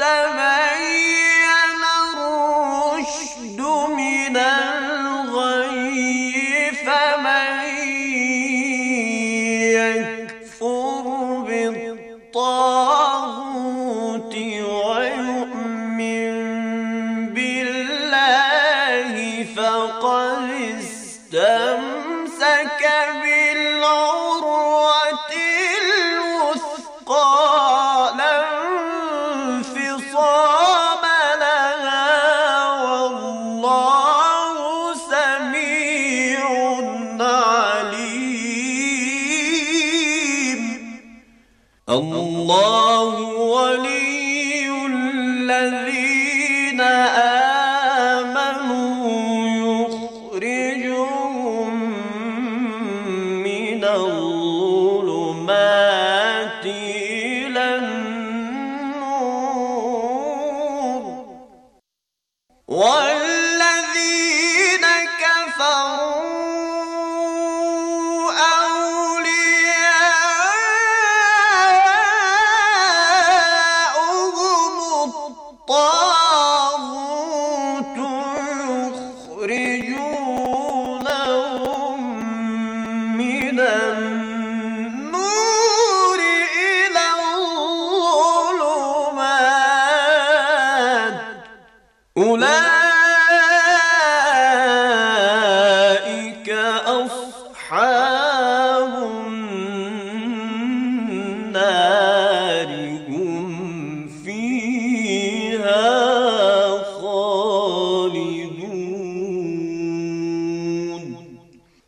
مُحْتَمَلٍ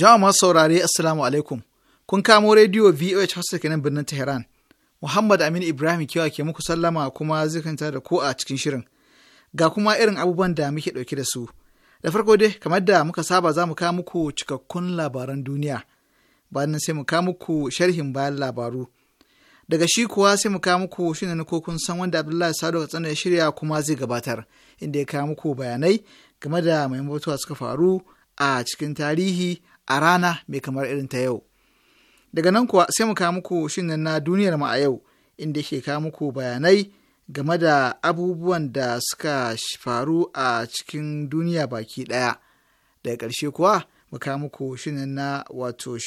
Jama masu saurare Assalamu alaikum. Kun kamo rediyo VOH Hausa kenan birnin Tehran. Muhammad Aminu Ibrahim kewa ke muku sallama kuma zikanta da ko a cikin shirin. Ga kuma irin abubuwan da muke ɗauke da su. Da farko dai, kamar da muka saba za mu kawo muku cikakkun labaran duniya. Bayan sai mu kawo muku sharhin bayan labaru. Daga shi kuwa sai mu kawo muku shi ne ko kun san wanda Abdullahi Sado ka ya shirya kuma zai gabatar, inda ya kawo muku bayanai game da mai suka faru a cikin tarihi a rana mai kamar irin ta yau. Daga nan kuwa sai mu kawo muku shirin na duniyar mu a yau inda yake kawo muku bayanai game da abubuwan da suka faru a cikin duniya baki ɗaya. Daga ƙarshe kuwa mu kawo muku shirin na wato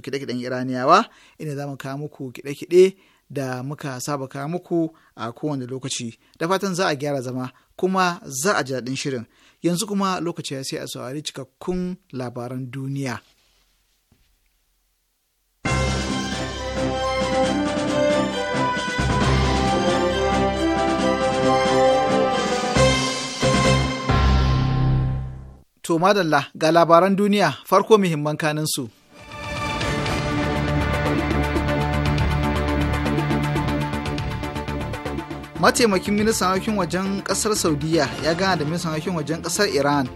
kiɗe-kiɗen Iraniyawa inda za mu kawo muku kiɗe-kiɗe da muka saba kawo muku a kowane lokaci. Da fatan za a gyara zama kuma za a ji daɗin shirin. yanzu kuma lokaci ya sai a saurari cikakkun labaran duniya. To madalla ga labaran duniya farko muhimman kaninsu. su. mataimakin ministan harkokin wajen kasar saudiya ya gana da ministan harkokin wajen kasar iran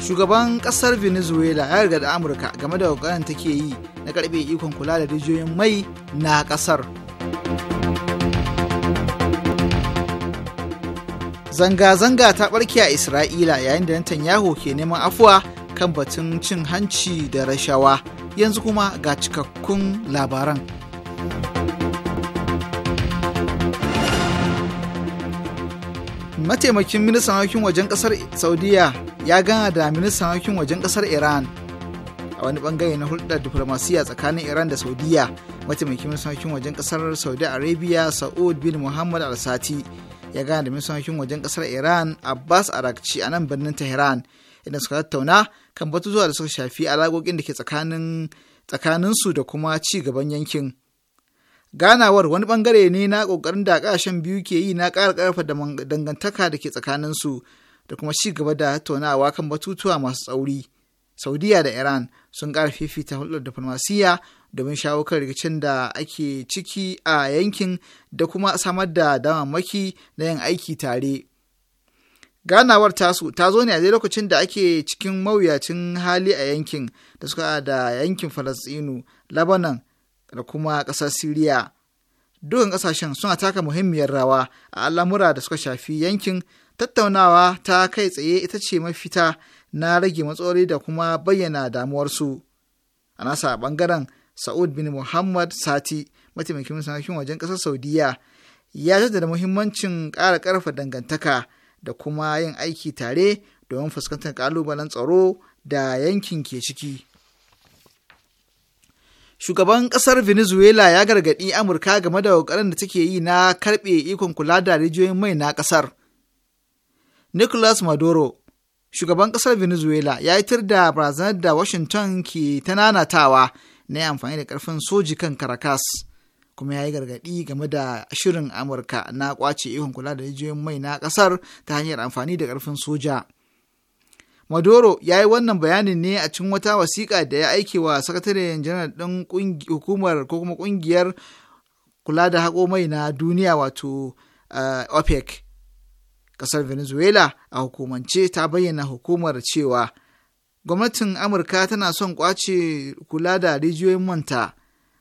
shugaban kasar venezuela ya riga da amurka game da kokarin take yi na karbe ikon kula da rijiyoyin mai na kasar zanga-zanga ta barke a isra'ila yayin da netanyahu ke neman afuwa kan batun cin hanci da rashawa yanzu kuma ga cikakkun labaran. Mataimakin ministan harkokin wajen kasar Saudiya ya gana da ministan harkokin wajen kasar Iran a wani bangare na hulɗar diflomasiya tsakanin Iran da Saudiya. Mataimakin ministan harkokin wajen kasar Saudi Arabia Sa'ud bin Muhammad Al-Sati ya gana da ministan harkokin wajen kasar Iran Abbas Arakci a nan birnin Tehran inda suka tattauna kan batutuwa da suka shafi alaƙoƙin da ke tsakanin su da kuma ci gaban yankin. Ganawar wani bangare ne na kokarin da ƙasashen biyu ke yi na kara ƙarfa da dangantaka da ke tsakanin su da kuma ci gaba da tattaunawa kan batutuwa masu tsauri. Saudiya da Iran sun kara fifita hulɗar diflomasiyya domin shawo kan rikicin da ake ciki a yankin da kuma samar da damammaki na yin aiki tare. ganawar tasu ta zo ne a lokacin da ake cikin mawuyacin hali a yankin da suka da yankin falasinu labanan da kuma ƙasar siriya dukkan ƙasashen suna taka muhimmiyar rawa a al'amura da suka shafi yankin tattaunawa ta kai tsaye ita ce mafita na rage matsori da kuma bayyana damuwarsu a nasa bangaren sa'ud bin muhammad sati mataimakin sanakin wajen ƙasar saudiya ya jaddada muhimmancin ƙara ƙarfa dangantaka da kuma yin aiki tare domin fuskantar ƙalubalen tsaro da yankin ke ciki. Shugaban ƙasar Venezuela ya gargaɗi Amurka game da ƙoƙarin da take yi na karɓe ikon kula da rijiyoyin mai na ƙasar. Nicolas Maduro, shugaban ƙasar Venezuela, ya yi tur da barazanar da Washington ke tananatawa nanatawa na amfani da ƙarfin soji kan Caracas. kuma ya yi gargaɗi game da shirin amurka na kwace ihun kula da rijiyoyin mai na ƙasar ta hanyar amfani da ƙarfin soja Maduro ya yi wannan bayanin ne a cikin wata wasiƙa da ya aike wa sakataren janar ɗin hukumar ko kuma ƙungiyar kula da haƙo mai na duniya wato eh, opec ƙasar venezuela a hukumance ta bayyana hukumar cewa gwamnatin amurka tana son kwace kula da rijiyoyin manta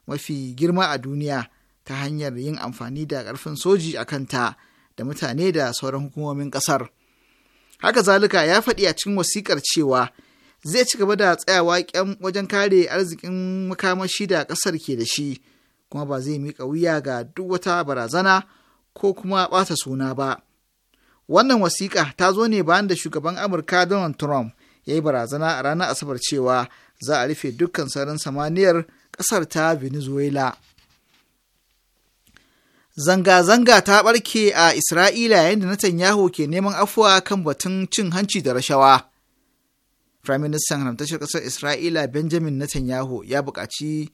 mafi girma a duniya ta hanyar yin amfani da ƙarfin soji a kanta da mutane da sauran hukumomin ƙasar. Haka zalika ya faɗi a cikin wasiƙar cewa zai ci gaba da tsayawa ƙyan wajen kare arzikin makamashi da ƙasar ke da shi, kuma ba zai miƙa wuya ga duk wata barazana ko kuma ɓata suna ba. Wannan wasiƙa ta zo ne bayan da shugaban Amurka Donald Trump ya yi barazana a ranar Asabar cewa za a rufe dukkan sararin samaniyar ƙasar ta venezuela zanga-zanga ta ɓarke a isra'ila yayin da netanyahu ke neman afuwa kan batun cin hanci da rashawa firaministan haramtashar ƙasar isra'ila benjamin netanyahu ya buƙaci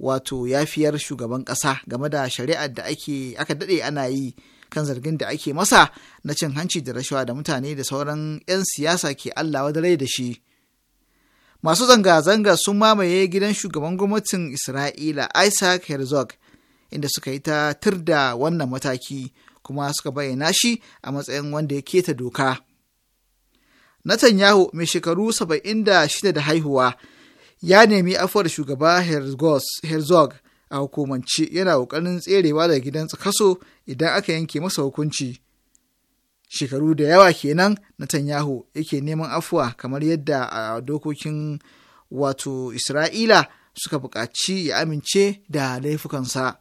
wato yafiyar shugaban ƙasa game da shari'ar da ake aka daɗe ana yi kan zargin da ake masa na cin hanci da rashawa da mutane da sauran 'yan siyasa ke Allah da da shi masu zanga-zanga sun mamaye gidan shugaban gwamnatin isra'ila isaac herzog inda suka yi ta tur da wannan mataki kuma suka bayyana shi a matsayin wanda ya keta doka Netanyahu mai shekaru 76 da haihuwa ya nemi afuwar shugaba Herzog a hukumance yana ƙoƙarin tserewa daga gidan tsakaso idan aka yanke masa hukunci shekaru da yawa kenan Netanyahu yake neman afuwa kamar yadda a dokokin wato Isra'ila suka buƙaci ya amince da laifukansa.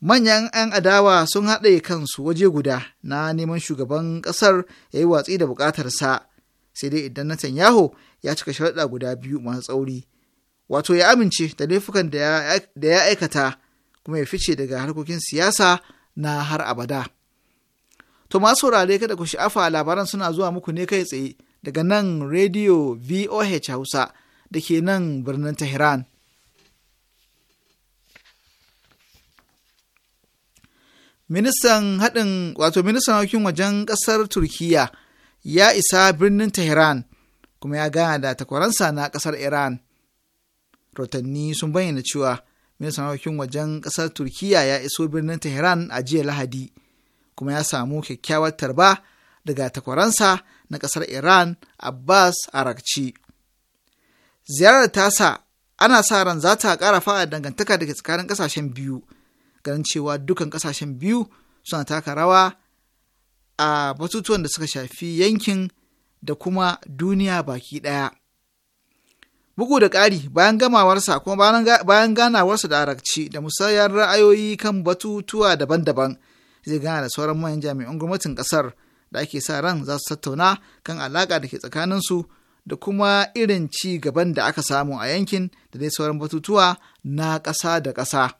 Manyan 'yan adawa sun haɗe kansu waje guda na neman shugaban ƙasar ya yi watsi da buƙatarsa, sai dai idan Netanyahu ya cika sharaɗa guda biyu masu tsauri, wato ya amince da laifukan da ya aikata kuma ya fice daga harkokin siyasa na har abada. To masu saurare kada ku sha'afa labaran suna zuwa muku ne kai tsaye daga nan Radio VOH Hausa da ke nan birnin Tehran. Ministan haɗin wato ministan harkokin wajen ƙasar Turkiyya ya isa birnin Tehran kuma ya gana da takwaransa na ƙasar Iran. Rotanni sun bayyana cewa ministan harkokin wajen ƙasar Turkiyya ya iso birnin Tehran a jiya Lahadi. kuma ya samu kyakkyawar tarba daga takwaransa na ƙasar Iran Abbas Arakci. Ziyarar tasa ana sa ran za ta ƙara fa'a dangantaka daga tsakanin ƙasashen biyu, ganin cewa dukan ƙasashen biyu suna taka rawa a batutuwan da suka shafi yankin da kuma duniya baki ɗaya. Bugu da ƙari bayan gamawarsa kuma bayan ganawarsa da Arakci da musayar ra'ayoyi kan batutuwa daban-daban. zai gana da sauran manyan jami'an gwamnatin ƙasar da ake sa ran za su tattauna kan alaƙa da ke tsakaninsu da kuma irin ci gaban da aka samu a yankin da dai sauran batutuwa na ƙasa da ƙasa.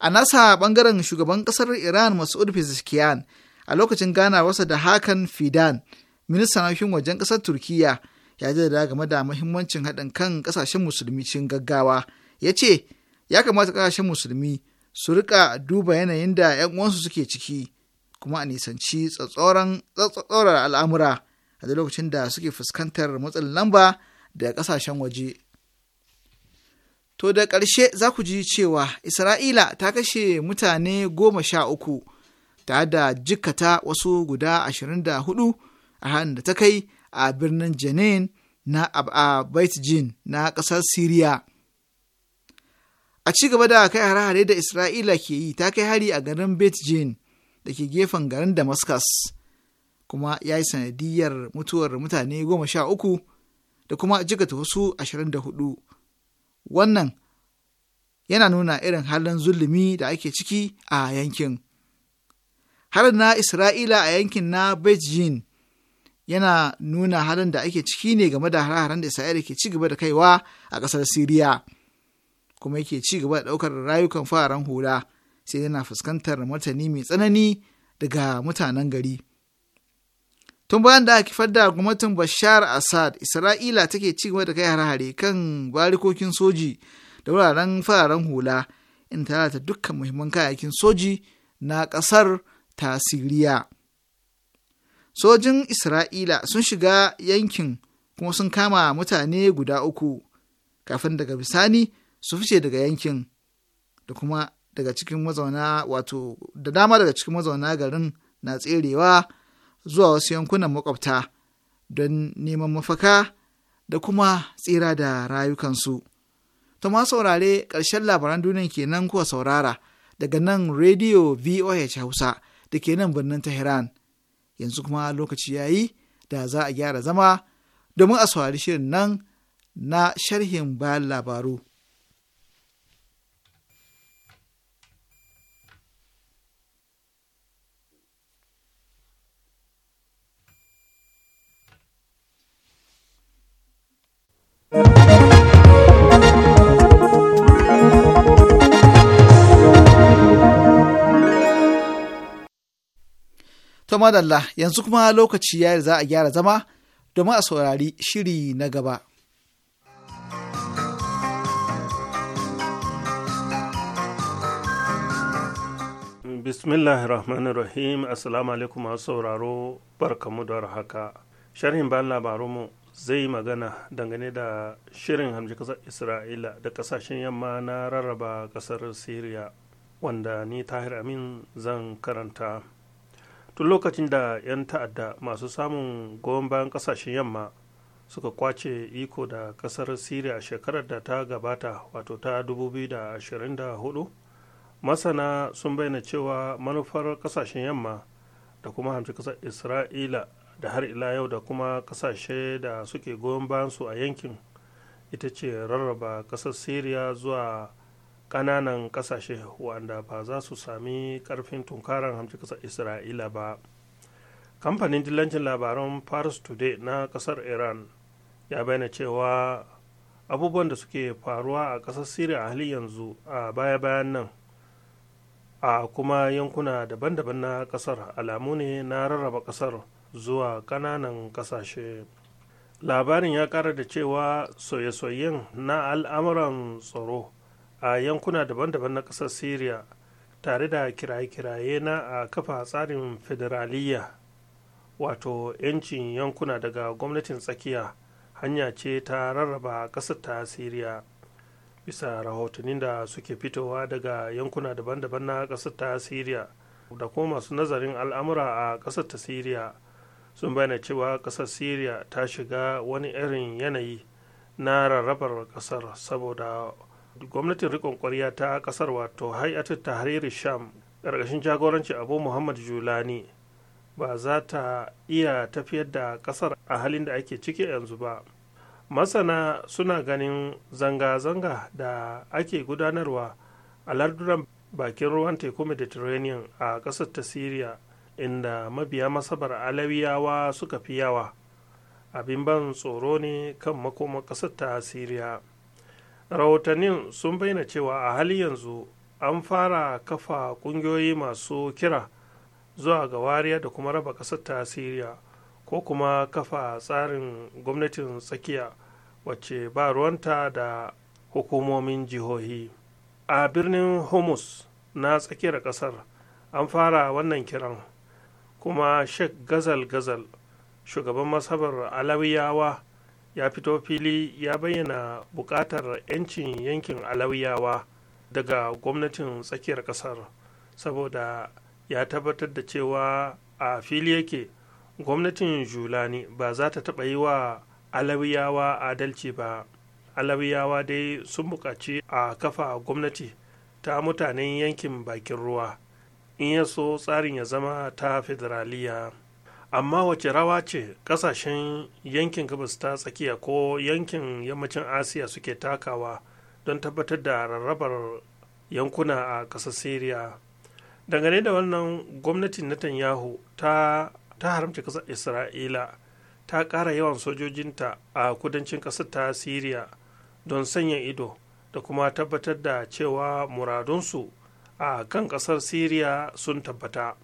A nasa ɓangaren shugaban ƙasar Iran Mas'ud Pezeshkian a lokacin ganawarsa da Hakan Fidan, ministan harkokin wajen ƙasar Turkiyya, ya jaddada game da muhimmancin haɗin kan ƙasashen musulmi cikin gaggawa. Ya ce, ya kamata ƙasashen musulmi su rika duba yanayin da 'yan uwansu suke ciki kuma a nisanci tsatsauran al'amura a da lokacin da suke fuskantar matsin lamba da ƙasashen waje. To da ƙarshe za ku ji cewa Isra'ila ta kashe mutane goma sha uku ta da jikkata wasu guda ashirin da hudu a hannun da ta kai a birnin Janin na Abba Jin na ƙasar Siriya. a ci gaba da kai hare-hare da isra'ila ke yi ta kai hari a garin bet jane da ke gefen garin damascus kuma ya yi sanadiyar mutuwar mutane goma sha uku da kuma jikata wasu ashirin da hudu wannan yana nuna irin halin zulumi da ake ciki a yankin Har na isra'ila a yankin na Bet-Jinn beijing yana nuna halin da ake ciki ne game da hare-haren da isra'ila ke ci gaba da kaiwa a ƙasar siriya kuma yake ci gaba da ɗaukar rayukan fararen hula sai yana fuskantar martani mai tsanani daga mutanen gari. Tun bayan da aka da gwamnatin Bashar Assad, Isra'ila take ci gaba da kai hare-hare kan barikokin soji da wuraren fararen hula, in ta dukkan muhimman kayayyakin soji na ƙasar ta Siriya. Sojin Isra'ila sun shiga yankin kuma sun kama mutane guda uku, kafin daga bisani su fice daga yankin da kuma daga cikin mazauna wato da dama daga cikin mazauna garin na tserewa zuwa wasu yankunan makwabta don neman mafaka da kuma tsira da rayukansu. To ma saurare ƙarshen labaran duniya kenan kuwa saurara daga nan Radio VOH Hausa da ke nan birnin Tehran. Yanzu kuma lokaci ya yi da za a gyara zama domin a saurari shirin nan na sharhin bayan labaru. madalla yanzu kuma lokaci ya za a gyara zama domin a saurari shiri na gaba. bismillahi rahmanir rahim assalamu alaikum masu sauraro barkamu da haka sharhin bayan labarunmu zai magana dangane da shirin hamji kasar isra'ila da kasashen yamma na rarraba kasar siriya wanda ni tahir amin zan karanta tun lokacin da 'yan ta'adda masu samun goyon bayan kasashen yamma suka kwace iko da kasar syria shekarar da ta gabata wato ta 2024 masana sun bayyana cewa manufar kasashen yamma da kuma hamci kasar isra'ila da har ila yau da kuma kasashe da suke goyon bayan su a yankin ita ce rarraba kasar syria zuwa kananan kasashe wanda ba za su sami ƙarfin tunkarar hamci kasar isra'ila ba kamfanin dillancin labaran paris today na kasar iran ya bayyana cewa abubuwan da suke faruwa a ƙasar syria a halin yanzu a baya-bayan nan a kuma yankuna daban-daban na ƙasar alamu ne na rarraba ƙasar zuwa kananan kasashe labarin ya kara da cewa soye-soyen na al'amuran tsaro a yankuna daban-daban na ƙasar syria tare da kiraye-kiraye na a kafa tsarin federaliyya wato 'yancin yankuna daga gwamnatin tsakiya hanya ce ta rarraba ƙasar ta syria bisa rahotannin da suke fitowa daga yankuna daban-daban na ƙasar ta syria da kuma masu nazarin al'amura a ƙasar ta syria sun bayyana cewa ƙasar syria ta shiga wani irin yanayi na rarrabar ƙasar saboda gwamnatin rikon kwarya ta kasar wato hay'atul tahrir sham ƙarƙashin jagoranci abu muhammad julani ba za ta iya tafiyar da kasar a halin da ake ciki yanzu ba masana suna ganin zanga-zanga da ake gudanarwa a larduran bakin ruwan teku mediterranean a ƙasar ta syria inda mabiya masabar alawiyawa suka fi yawa abin ban tsoro ne kan makoma ƙasar ta Siriya. rahotannin sun bayyana cewa a hali yanzu an fara kafa kungiyoyi masu kira zuwa ga wariya da kuma raba ƙasar ta siriya ko kuma kafa tsarin gwamnatin tsakiya wacce ba ruwanta da hukumomin jihohi a birnin homus na tsakiyar ƙasar an fara wannan kiran kuma sheikh gazal gazal shugaban masabar alawiyawa ya fito fili ya bayyana buƙatar 'yancin yankin alawiyawa daga gwamnatin tsakiyar ƙasar saboda ya tabbatar da cewa a fili yake gwamnatin julani ba za ta taɓa yi wa alawiyawa adalci ba alawiyawa dai sun buƙaci a kafa gwamnati ta mutanen yankin bakin ruwa in ya so tsarin ya zama ta federaliya amma wace rawa ce kasashen yankin gabas ta tsakiya ko yankin yammacin asiya suke takawa don tabbatar da rarrabar yankuna a ƙasar syria dangane da wannan gwamnatin netanyahu ta, ta haramta ƙasar isra'ila ta ƙara yawan sojojinta a kudancin ƙasar ta syria don sanya ido da kuma tabbatar da cewa muradunsu a kan ƙasar syria sun tabbata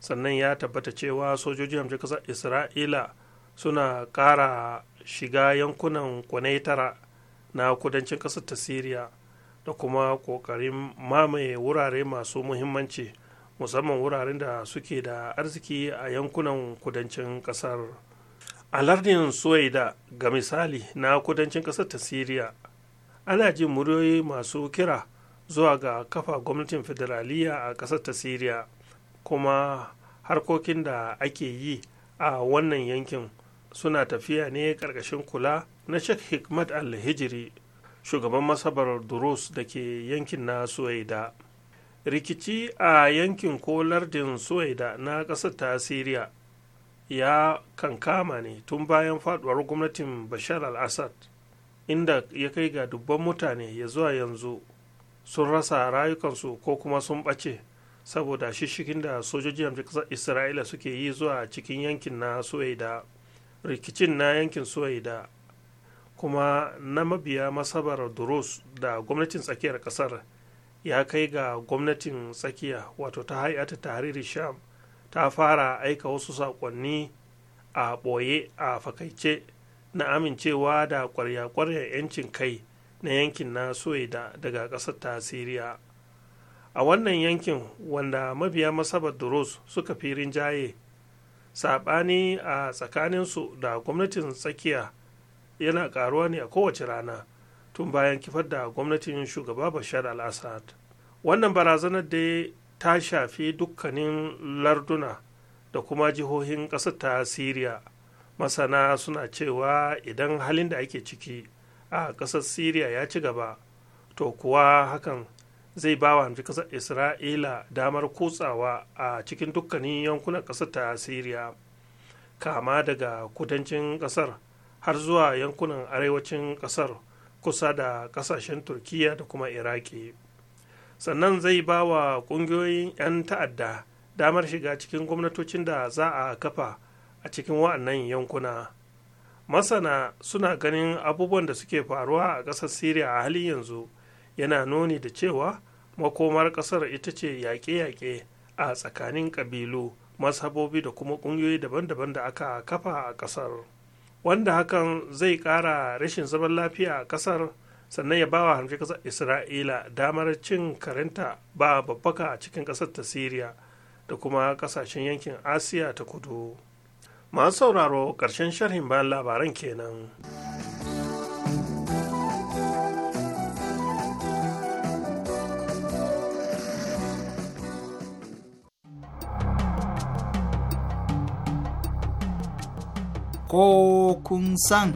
sannan ya tabbata cewa sojojin hamshe kasar isra'ila suna ƙara shiga yankunan kwanaitara na kudancin ƙasar ta siriya da kuma ƙoƙarin mamaye wurare masu muhimmanci musamman wuraren da suke da arziki a yankunan kudancin ƙasar a lardin suwaida ga misali na kudancin ƙasar ta siriya ana jin muryoyi masu kira zuwa ga kafa gwamnatin federaliya a ƙasar ta siriya kuma harkokin da ake yi a wannan yankin suna tafiya ne ƙarƙashin kula na Sheikh Hikmat al-Hijri shugaban masabar Durus da ke yankin na Suwaida. Rikici a yankin ko lardin Suwaida na ƙasar ta Siriya ya kankama ne tun bayan faduwar gwamnatin Bashar al-Assad inda ya kai ga dubban mutane ya zuwa yanzu sun rasa rayukansu ko kuma sun ɓace saboda shishikin da sojoji hamshin kasar isra'ila suke yi zuwa cikin yankin na suwaida rikicin na yankin suwaida kuma na mabiya masabar duros da gwamnatin tsakiyar kasar ya kai ga gwamnatin tsakiya wato ta hayata tahariri sham ta fara aika wasu saƙonni a ɓoye a fakaice na amincewa da ƙwarya-ƙwarya 'yancin kai na yankin na soida daga ƙasar ta siriya a wannan yankin wanda mabiya masabar duros suka fi rinjaye saɓani a tsakaninsu da gwamnatin tsakiya yana ƙaruwa ne a kowace rana tun bayan kifar da gwamnatin shugaba bashar al-assad wannan barazanar da ta shafi dukkanin larduna da kuma jihohin ƙasar ta siriya masana suna cewa idan halin da ake ciki a ƙasar siriya ya ci gaba to kuwa hakan zai ba wa hamci kasar isra'ila damar kutsawa a cikin dukkanin yankunan kasar ta siriya kama daga kudancin ƙasar har zuwa yankunan arewacin ƙasar kusa da ƙasashen turkiya da kuma iraki sannan zai ba wa kungiyoyin 'yan ta'adda damar shiga cikin gwamnatocin da za a kafa a cikin wa'annan yankuna masana suna ganin abubuwan da suke faruwa a ƙasar Siriya a halin yanzu yana nuni da cewa makomar ƙasar ita ce yaƙe-yaƙe a tsakanin ƙabilu mazhabobi da kuma ƙungiyoyi daban-daban da aka kafa a ƙasar wanda hakan zai ƙara rashin zaman lafiya a ƙasar sannan ya bawa hamshe ƙasar isra'ila damar cin karenta ba babbaka a cikin ƙasar ta siriya da kuma ƙasashen yankin asiya ta kudu masu sauraro ƙarshen sharhin bayan labaran kenan. ko kun san.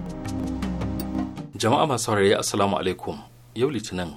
Jama'a masu saurari Assalamu alaikum yau Litinin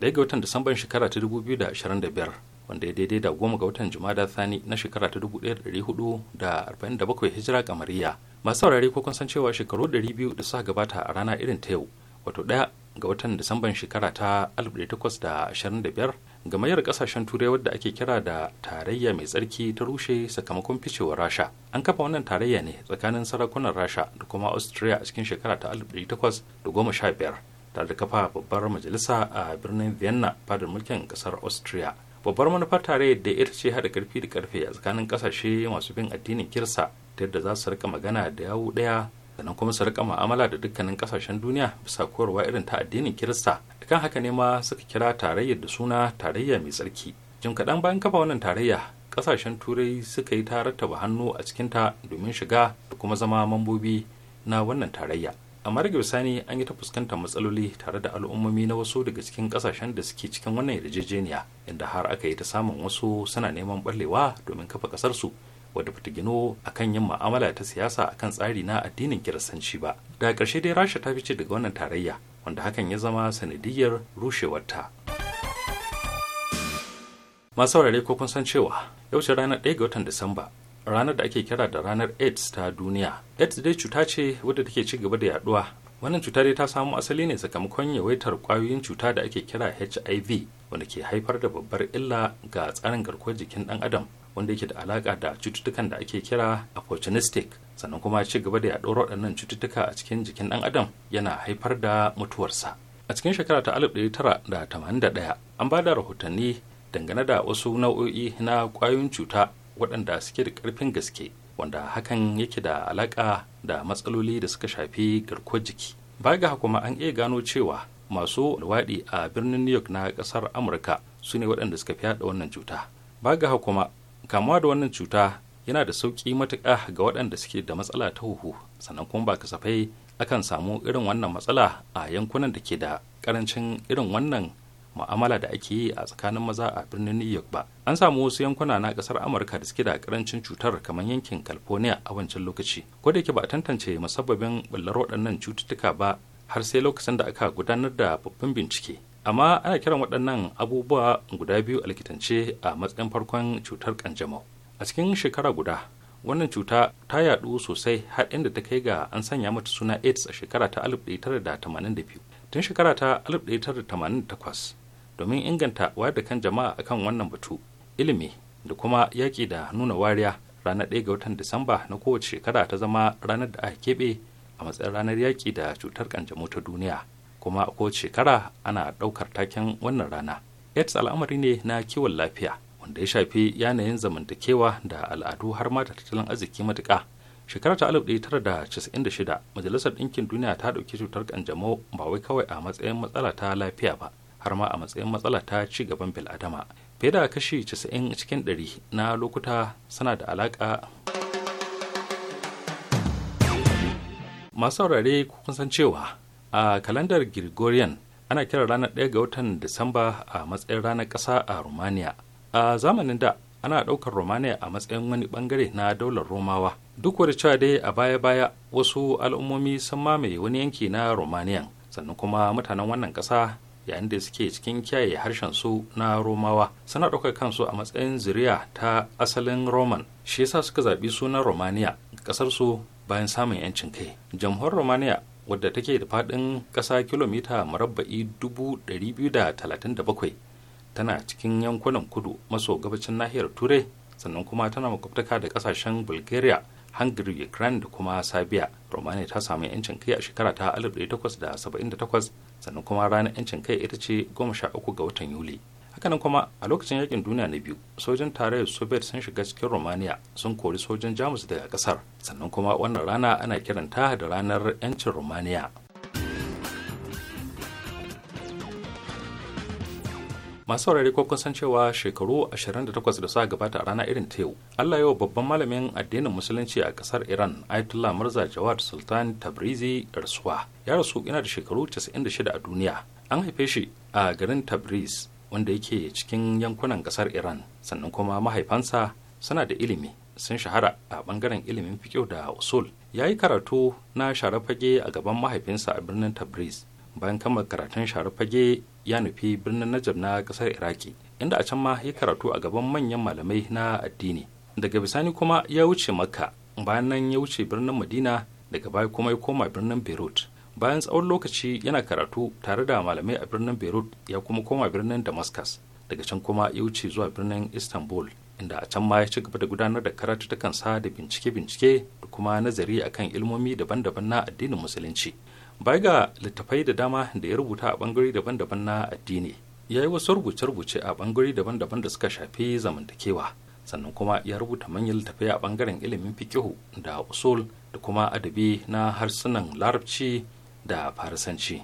ɗaya ga watan Disamban shekara ta biyar wanda ya daidai da goma ga watan Jumada sani na shekara ta da da hudu arba'in bakwai hijira kamariya. Masu saurari ko kun san cewa shekaru 200 da suka gabata a rana irin ta yau wato ɗaya ga watan Disamban shekara ta biyar. gamayyar kasashen turai wadda ake kira da tarayya mai tsarki ta rushe sakamakon ficewar rasha an kafa wannan tarayya ne tsakanin sarakunan rasha da kuma austria a cikin shekara ta 1815 tare da kafa babbar majalisa a birnin vienna fadar mulkin kasar austria babbar manufar tarayyar da ita ce haɗa karfi da karfe a tsakanin kasashe masu bin addinin kirsa ta yadda za su rika magana da yawu ɗaya sannan kuma su rika mu'amala da dukkanin kasashen duniya bisa koyarwa irin ta addinin kirista kan haka ne ma suka kira tarayyar da suna tarayya mai tsarki jim kaɗan bayan kafa wannan tarayya ƙasashen turai suka yi ta rattaba hannu a cikinta domin shiga da kuma zama mambobi na wannan tarayya amma rage bisani an yi ta fuskantar matsaloli tare da al'ummomi na wasu daga cikin ƙasashen da suke cikin wannan yarjejeniya inda har aka yi ta samun wasu suna neman ɓallewa domin kafa ƙasarsu wadda bata gino akan yin ma'amala ta siyasa a kan tsari na addinin kiristanci ba daga ƙarshe dai rasha ta fice daga wannan tarayya wanda hakan ya zama sanadiyar rushewarta masu saurare ko kun san cewa yau ce ranar 1 ga watan disamba ranar da ake kira da ranar aids ta duniya aids dai cuta ce wadda take ci gaba da yaduwa wannan cuta dai ta samo asali ne sakamakon yawaitar kwayoyin cuta da ake kira hiv wanda ke haifar da babbar illa ga tsarin garkuwar jikin dan adam wanda yake da alaka da cututtukan da ake kira opportunistic sannan kuma ci gaba da yaɗuwar waɗannan cututtuka a cikin jikin ɗan adam yana haifar da mutuwarsa a cikin shekara ta 1981 an ba da rahotanni dangane da wasu nau'o'i na ƙwayoyin cuta waɗanda suke da ƙarfin gaske wanda hakan yake da alaƙa da matsaloli da suka shafi garkuwar jiki baya ga kuma an iya gano cewa masu alwaɗi a birnin new york na ƙasar amurka su ne waɗanda suka fi yaɗa wannan cuta baya ga kuma kamuwa da wannan cuta yana da sauƙi matuƙa ga waɗanda suke da matsala ta huhu sannan kuma ba kasafai akan samu irin wannan matsala a yankunan da ke da ƙarancin irin wannan mu'amala da ake yi a tsakanin maza a birnin new york ba an samu wasu yankuna na ƙasar amurka da suke da ƙarancin cutar kamar yankin california a wancan lokaci ko da yake ba a tantance musabbabin bullar waɗannan cututtuka ba har sai lokacin da aka gudanar da babban bincike amma ana kiran waɗannan abubuwa guda biyu a likitance a matsayin farkon cutar kanjamau a cikin shekara guda wannan cuta ta yadu sosai har inda ta kai ga an sanya mata suna aids a shekara ta 1982 tun shekara ta 1988 domin inganta wayar da kan jama'a akan wannan batu ilimi da kuma yaƙi da nuna wariya ranar 1 ga watan disamba na kowace shekara ta zama ranar da aka keɓe a matsayin ranar yaƙi da cutar kanjamau ta duniya kuma a kowace shekara ana ɗaukar taken wannan rana aids al'amari ne na kiwon lafiya wanda ya shafi yanayin zamantakewa da al'adu har ma da tattalin arziki matuƙa shekarar ta 1996 majalisar ɗinkin duniya ta ɗauki cutar kanjamau ba wai kawai a matsayin matsala ta lafiya ba har ma a matsayin matsala ta ci gaban bil'adama fiye da kashi 90 cikin 100 na lokuta suna da alaƙa masu saurare kun san cewa a kalandar gregorian ana kira ranar 1 ga watan disamba a matsayin ranar ƙasa a romania a zamanin da ana ɗaukar romania a matsayin wani bangare na daular romawa duk wadda cewa dai a baya-baya wasu al'ummomi sun mamaye wani yanki na romania sannan kuma mutanen wannan ƙasa yayin da suke cikin kiyaye harshen su na romawa suna ɗaukar kansu a matsayin zuriya ta asalin roman shi yasa suka zaɓi sunan romania ƙasar su bayan samun yancin kai jamhuriyar romania wadda take da faɗin ƙasa kilomita murabba'i bakwai. tana cikin yankunan kudu maso gabacin nahiyar turai sannan kuma tana makwabtaka da kasashen bulgaria hungary ukraine da kuma serbia romania ta samu yancin kai a shekara ta 1878 sannan kuma ranar yancin kai ita ce 13 ga watan yuli hakanan kuma a lokacin yakin duniya na biyu sojin tarayyar soviet sun shiga cikin romania sun kori sojin jamus daga kasar sannan kuma wannan rana ana kiranta da ranar yancin romania masu saurari ko kun san cewa shekaru 28 da suka gabata a rana irin ta yau Allah yau babban malamin addinin musulunci a kasar Iran Ayatollah Mirza Jawad Sultan Tabrizi Rasuwa ya rasu yana da shekaru 96 a duniya an haife shi a garin Tabriz wanda yake cikin yankunan kasar Iran sannan kuma mahaifansa suna da ilimi sun shahara a bangaren ilimin fikiyo da usul ya yi karatu na sharafage a gaban mahaifinsa a birnin Tabriz bayan kammala karatun sharafage. ya nufi birnin najab na kasar iraki inda a can ma ya karatu a gaban manyan malamai na addini daga bisani kuma ya wuce makka bayan nan ya wuce birnin madina daga baya kuma ya koma birnin beirut bayan tsawon lokaci yana karatu tare da malamai a birnin beirut ya kuma koma birnin damascus daga can kuma ya wuce zuwa birnin istanbul inda a can ma ya ci gaba da gudanar da karatutukansa da bincike-bincike da kuma nazari akan ilmomi daban-daban na addinin musulunci bai ga littafai da dama da ya rubuta a bangare daban-daban na addini ya yi wasu rubuce-rubuce a bangare daban-daban da suka shafi zamantakewa sannan kuma ya rubuta manyan littafai a bangaren ilimin fikihu da usul da kuma adabi na harsunan larabci da farisanci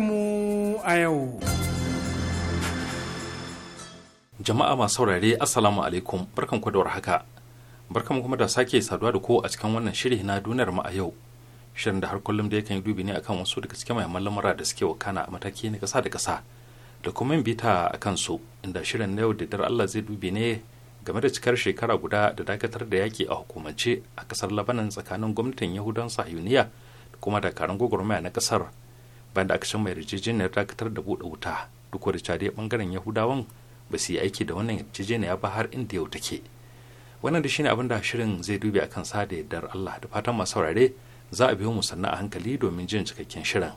mu a yau. Jama'a masu saurare Assalamu alaikum barkan ku da warhaka. Barkan kuma da sake saduwa da ko a cikin wannan shiri na duniyar mu a yau. Shirin da har kullum da yakan yi dubi ne akan wasu daga cikin mahimman lamura da suke wakana a mataki na kasa da kasa da kuma yin bita a su inda shirin na yau da dar Allah zai dubi ne game da cikar shekara guda da dakatar da yaki a hukumance a kasar Labanan tsakanin gwamnatin Yahudan Sahiyuniya da kuma dakarun gwagwarmaya na ƙasar. bayan da aka can mai yarjejeniyar dakatar da buɗe wuta duk da cari bangaren yahudawan ba su yi aiki da wannan yarjejeniya ba har inda yau take wannan da shine abin da shirin zai dubi akan sa da yardar Allah da fatan masu saurare za a biyo mu sannan a hankali domin jin cikakken shirin.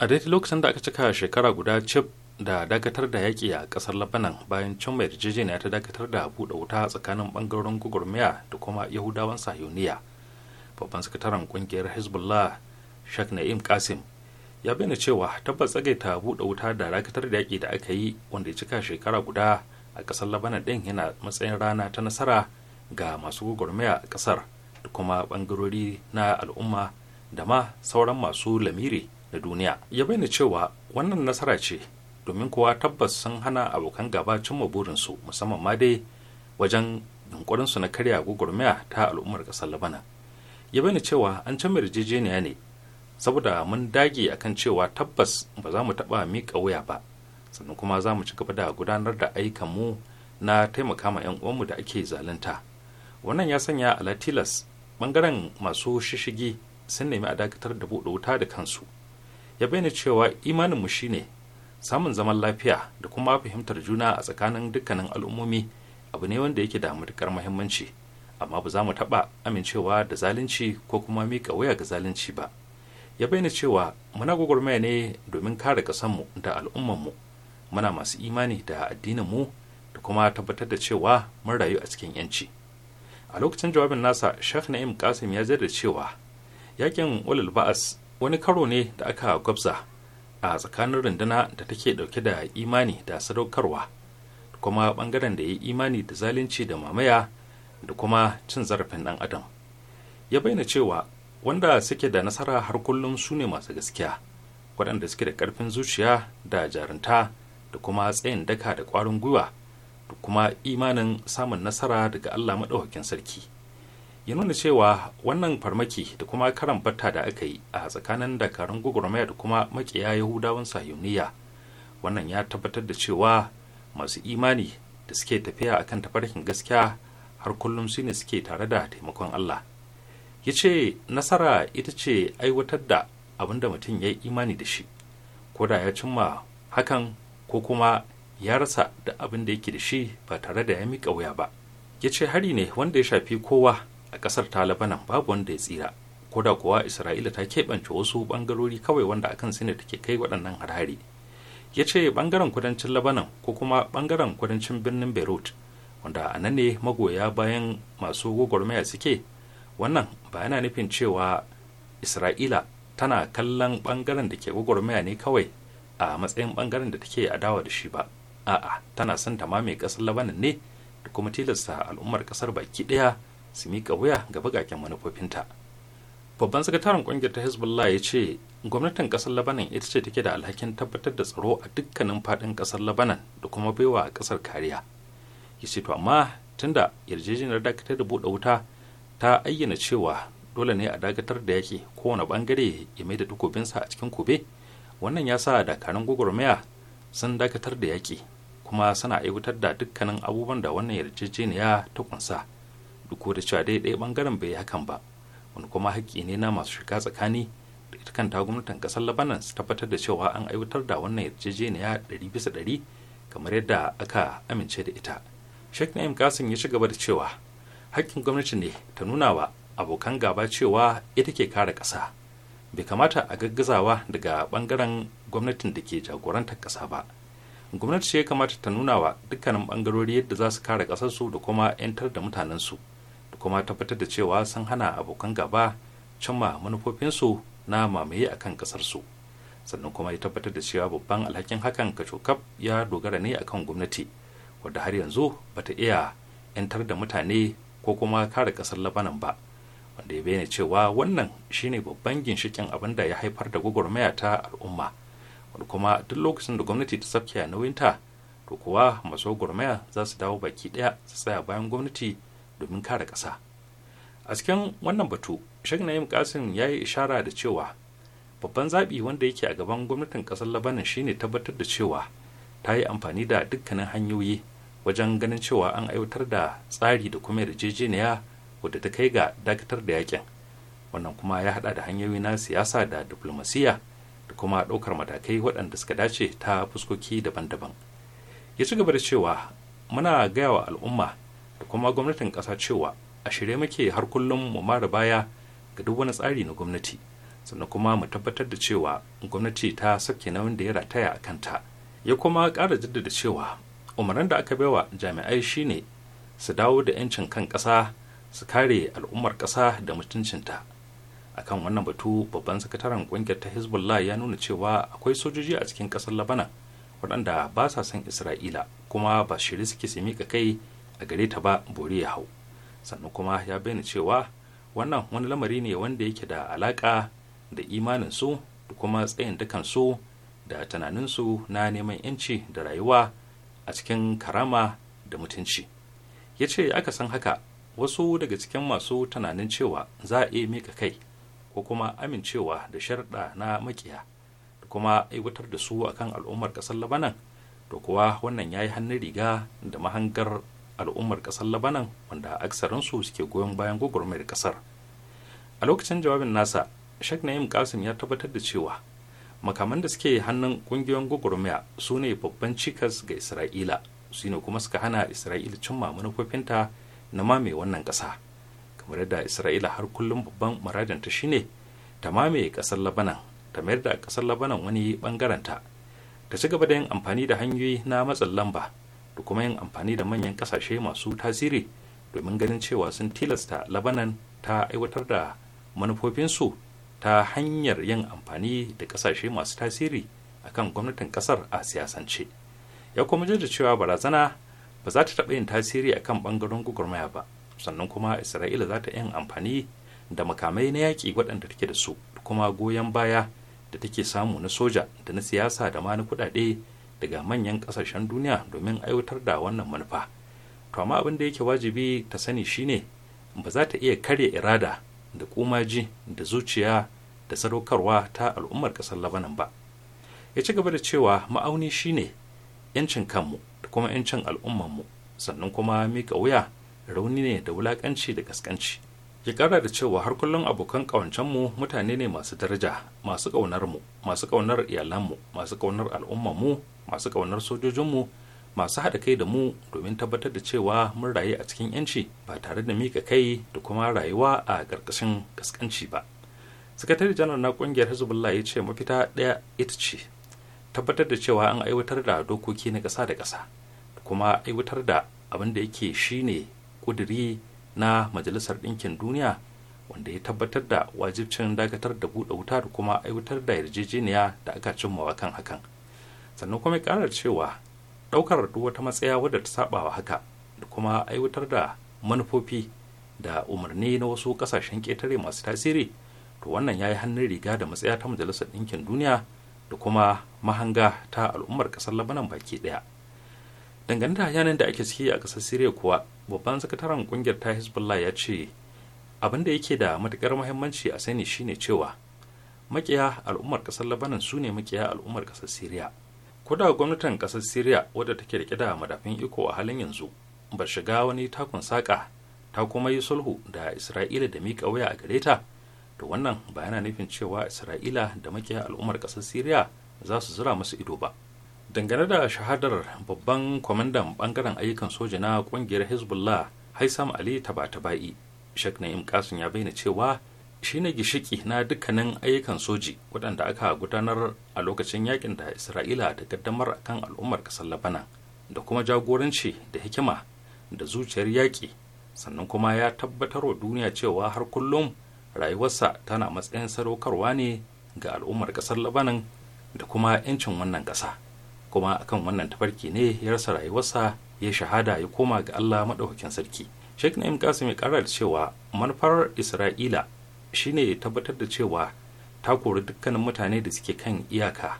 a daidai lokacin da aka cika shekara guda cif da dakatar da yaƙi a ƙasar labanan bayan can mai yarjejeniya ta dakatar da buɗe wuta tsakanin ɓangaren gwagwarmaya da kuma yahudawan sahiyoniya babban sakataren ƙungiyar hezbollah shak na'im kasim ya bayyana cewa tabbas tsagaita buɗe wuta da dakatar da yaƙi da aka yi wanda ya cika shekara guda a ƙasar labanan ɗin yana matsayin rana ta nasara ga masu gwagwarmaya a ƙasar da kuma ɓangarori na al'umma da ma sauran masu lamiri na duniya ya bayyana cewa wannan nasara ce domin kuwa tabbas sun hana abokan gaba cimma burinsu musamman ma dai wajen yunkurinsu na karya gwagwarmaya ta al'ummar ƙasar labana ya bani cewa an cimma yarjejeniya ne saboda mun dage akan cewa tabbas ba za mu taɓa miƙa wuya ba sannan kuma za mu ci gaba da gudanar da ayyukanmu na taimaka ma 'yan uwanmu da ake zalunta wannan ya sanya alatilas bangaren masu shishigi sun nemi a dakatar da buɗe wuta da kansu ya bayyana cewa imanin imaninmu shine samun zaman lafiya da kuma fahimtar juna a tsakanin dukkanin al'ummomi abu ne wanda yake da matukar muhimmanci amma ba za mu taɓa amincewa da zalunci ko kuma miƙa waya ga zalunci ba ya bayyana cewa muna gwagwarmaya ne domin kare mu da al'ummanmu muna masu imani da addininmu da kuma tabbatar da cewa mun rayu a cikin yanci a lokacin jawabin nasa shek na'im kasim ya da cewa yakin ulul ba'as wani karo ne da aka gwabza a tsakanin runduna da take dauke da imani da sadaukarwa da kuma bangaren da ya yi imani da zalunci da mamaya da kuma cin zarafin dan adam ya bayyana cewa wanda suke da nasara har kullum su ne masu gaskiya waɗanda suke da ƙarfin zuciya da jarunta da kuma tsayin daka da ƙwarin gwiwa da kuma imanin samun nasara daga allah maɗaukakin sarki ya nuna cewa wannan farmaki da kuma karan batta da aka yi a tsakanin dakarun gwagwarmaya da kuma makiya yahudawan sayuniya wannan ya tabbatar da cewa masu imani da suke tafiya a kan tafarkin gaskiya har kullum su ne suke tare da taimakon allah ya ce nasara ita ce aiwatar da abin da mutum ya yi imani da shi ko da ya cimma hakan ko kuma ya rasa da abin da yake da shi ba tare da ya miƙa wuya ba ya ce hari ne wanda ya shafi kowa a ƙasar ta labanan babu wanda ya tsira ko da kuwa isra'ila ta keɓance wasu ɓangarori kawai wanda akan su take kai waɗannan harhari ya ce ɓangaren kudancin labanan ko kuma ɓangaren kudancin birnin beirut wanda a nan ne magoya bayan masu gwagwarmaya suke wannan ba yana nufin cewa isra'ila tana kallon ɓangaren da ke gwagwarmaya ne kawai a matsayin ɓangaren da take adawa da shi ba a'a tana son ta mame ƙasar labanan ne da kuma tilasta al'ummar ƙasar baki ɗaya su miƙa wuya ga bugaken manufofinta babban sakataren ƙungiyar ta hezbollah ya ce gwamnatin ƙasar labanan ita ce take da alhakin tabbatar da tsaro a dukkanin faɗin kasar labanan da kuma baiwa a ƙasar kariya ya ce to amma tunda yarjejeniyar dakatar da buɗe wuta ta ayyana cewa dole ne a dakatar da yaƙi kowane ɓangare ya mai da dukobinsa a cikin kube wannan ya sa dakarun gwagwarmaya sun dakatar da yaƙi kuma suna aiwatar da dukkanin abubuwan da wannan yarjejeniya ta kunsa duk da cewa dai ɗaya bangaren bai yi hakan ba wani kuma haƙƙi ne na masu shiga tsakani da ita kanta gwamnatin ƙasar labanan su tabbatar da cewa an aiwatar da wannan yarjejeniya ɗari bisa ɗari kamar yadda aka amince da ita shek na'im kasim ya ci gaba da cewa haƙƙin gwamnati ne ta nuna wa abokan gaba cewa ita ke kare ƙasa bai kamata a gaggazawa daga bangaren gwamnatin da ke jagorantar ƙasa ba gwamnati ce ya kamata ta nuna wa dukkanin bangarori yadda za su kare ƙasarsu da kuma 'yantar da mutanensu kuma tabbatar da cewa sun hana abokan gaba cimma manufofinsu na mamaye a kan kasarsu sannan kuma ya tabbatar da cewa babban alhakin hakan cokaf ya dogara ne akan gwamnati wadda har yanzu bata iya 'yantar da mutane ko kuma kare ƙasar labanan ba wanda ya bayyana cewa wannan shine babban ginshikin abin da ya haifar da gwagwarmaya ta al'umma wanda kuma duk lokacin da gwamnati ta sabke nauyinta to kuwa masu gwagwarmaya za su dawo baki ɗaya su tsaya bayan gwamnati domin kare ƙasa a cikin wannan batu shek na'im kasim ya yi ishara da cewa babban zaɓi wanda yake a gaban gwamnatin ƙasar labanin shine tabbatar da cewa ta yi amfani da dukkanin hanyoyi wajen ganin cewa an aiwatar da tsari da kuma yarjejeniya wadda ta kai ga dakatar da yakin wannan kuma ya haɗa da hanyoyi na siyasa da diplomasiya da kuma ɗaukar matakai waɗanda suka dace ta fuskoki daban-daban ya ci gaba da cewa muna gaya wa al'umma da kuma gwamnatin ƙasa cewa a shirye muke har kullum mu mara baya ga duk wani tsari na gwamnati sannan kuma mu tabbatar da cewa gwamnati ta sake nauyin da ya rataya a kanta ya kuma ƙara jaddada cewa umarnin da aka baiwa jami'ai shine su dawo da 'yancin kan ƙasa su kare al'ummar ƙasa da mutuncinta a kan wannan batu babban sakataren ƙungiyar ta hezbollah ya nuna cewa akwai sojoji a cikin ƙasar labanan waɗanda ba sa son isra'ila kuma ba shirye suke su miƙa kai a gare ta ba bori ya hau sannan kuma ya bayyana cewa wannan wani lamari ne wanda yake da alaka da imanin su da kuma tsayin dukan su da tunaninsu na neman yanci da rayuwa a cikin karama da mutunci ya ce aka san haka wasu daga cikin masu tunanin cewa za a iya mika kai ko kuma amincewa da sharɗa na makiya da kuma aiwatar da su akan al'ummar ƙasar labanan to kuwa wannan ya yi hannun riga da mahangar al'ummar kasar labanan wanda aksarin su suke goyon bayan gwagwarmayar kasar a lokacin jawabin nasa shek na'im kasim ya tabbatar da cewa makaman da suke hannun kungiyoyin gwagwarmaya su ne babban cikas ga isra'ila su ne kuma suka hana isra'ila cimma manufofinta na mame wannan ƙasa kamar yadda isra'ila har kullum babban shi shine ta mame kasar labanan ta mayar da kasar labanan wani ta ta ci gaba da yin amfani da hanyoyi na matsin lamba da kuma yin amfani da manyan kasashe masu tasiri domin ganin cewa sun tilasta labanan ta aiwatar da manufofinsu ta hanyar yin amfani da kasashe masu tasiri a kan gwamnatin kasar a siyasance ya kuma da cewa barazana ba za ta taɓa yin tasiri a kan ɓangaren gwagwarmaya ba sannan kuma isra'ila za ta yin amfani da makamai na yaƙi waɗanda take da su kuma goyon baya da take samu na soja da na siyasa da ma na kuɗaɗe daga manyan kasashen duniya domin aiwatar da wannan manufa to amma abin da yake wajibi ta sani shine ba za ta iya karya irada da kumaji da zuciya da sadaukarwa ta al'ummar kasar labanan ba ya ci gaba da cewa ma'auni shine yancin kanmu da kuma yancin al'ummanmu sannan kuma mika wuya rauni ne da wulakanci da gaskanci ya kara da cewa har kullum abokan ƙawancenmu mutane ne masu daraja masu ƙaunar mu masu ƙaunar iyalanmu masu ƙaunar al'ummanmu masu ƙaunar sojojinmu masu haɗa kai da mu domin tabbatar da cewa mun rayu a cikin 'yanci ba tare da mika kai da kuma rayuwa a ƙarƙashin ƙasƙanci ba sakatare janar na ƙungiyar hezbollah ya ce mafita ɗaya ita ce tabbatar da cewa an aiwatar da dokoki na ƙasa da ƙasa da kuma aiwatar da abin da yake shine ƙuduri na majalisar ɗinkin duniya wanda ya tabbatar da wajibcin dakatar da buɗe wuta da kuma aiwatar da yarjejeniya da aka cimmawa kan hakan sannan kuma ƙarar cewa ɗaukar duk wata matsaya wadda ta saba wa haka da kuma aiwatar da manufofi da umarni na wasu ƙasashen ketare masu tasiri to wannan ya yi hannun riga da matsaya ta majalisar ɗinkin duniya da kuma mahanga ta al'ummar ƙasar labanan baki ɗaya dangane da yanayin da ake ciki a ƙasar siriya kuwa babban sakataren ƙungiyar ta hezbollah ya ce abin da yake da matuƙar mahimmanci a sani shine cewa makiya al'ummar ƙasar labanan su ne makiya al'ummar ƙasar siriya da gwamnatin kasar siriya wadda take rike da madafin iko a halin yanzu ba shiga wani takun saka ta kuma yi sulhu da isra'ila da mika waya a gare ta to wannan ba yana nufin cewa isra'ila da makiya al'ummar kasar siriya za su zura musu ido ba dangane da shahadar babban kwamandan bangaren ayyukan soja na kungiyar hezbollah haisam ali tabatabai sheikh na'im kasim ya bayyana cewa shine gishiki na dukkanin ayyukan soji waɗanda aka gudanar a lokacin yakin da isra'ila ta kaddamar a kan al'ummar ƙasar labanan da kuma jagoranci da hikima da zuciyar yaƙi sannan kuma ya tabbatar wa duniya cewa har kullum rayuwarsa tana matsayin sadaukarwa ne ga al'ummar ƙasar labanan da kuma 'yancin wannan ƙasa kuma akan wannan tafarki ne ya rasa rayuwarsa ya shahada ya koma ga allah maɗaukakin sarki sheikh na'im kasim mai ƙara da cewa manufar isra'ila shine tabbatar da cewa ta kori dukkanin mutane da suke kan iyaka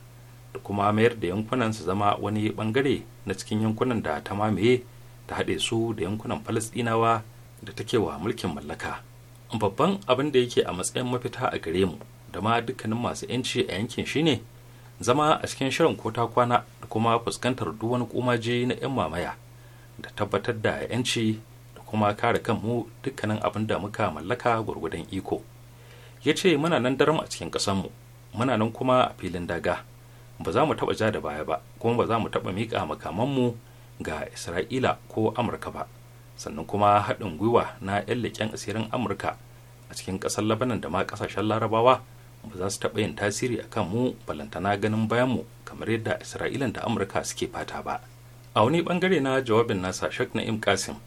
da kuma mayar da yankunan su zama wani bangare na cikin yankunan da ta mamaye ta haɗe su da yankunan falasɗinawa da take wa mulkin mallaka babban abin da yake a matsayin mafita a gare mu da ma dukkanin masu 'yanci a yankin shine zama a cikin shirin ko ta kwana da kuma fuskantar duk wani kumaji na 'yan mamaya da tabbatar da 'yanci da kuma kare kanmu dukkanin abin da muka mallaka gwargwadon iko. ya ce muna nan daram a cikin ƙasanmu muna nan kuma a filin daga ba za mu taɓa ja da baya ba kuma ba za mu taɓa miƙa makamanmu ga isra'ila ko amurka ba sannan kuma haɗin gwiwa na 'yan leƙen asirin amurka a cikin ƙasar labanan da ma ƙasashen larabawa ba za su taɓa yin tasiri a kan mu balantana ganin bayanmu kamar yadda isra'ila da amurka suke fata ba a wani bangare na jawabin nasa shak na'im kasim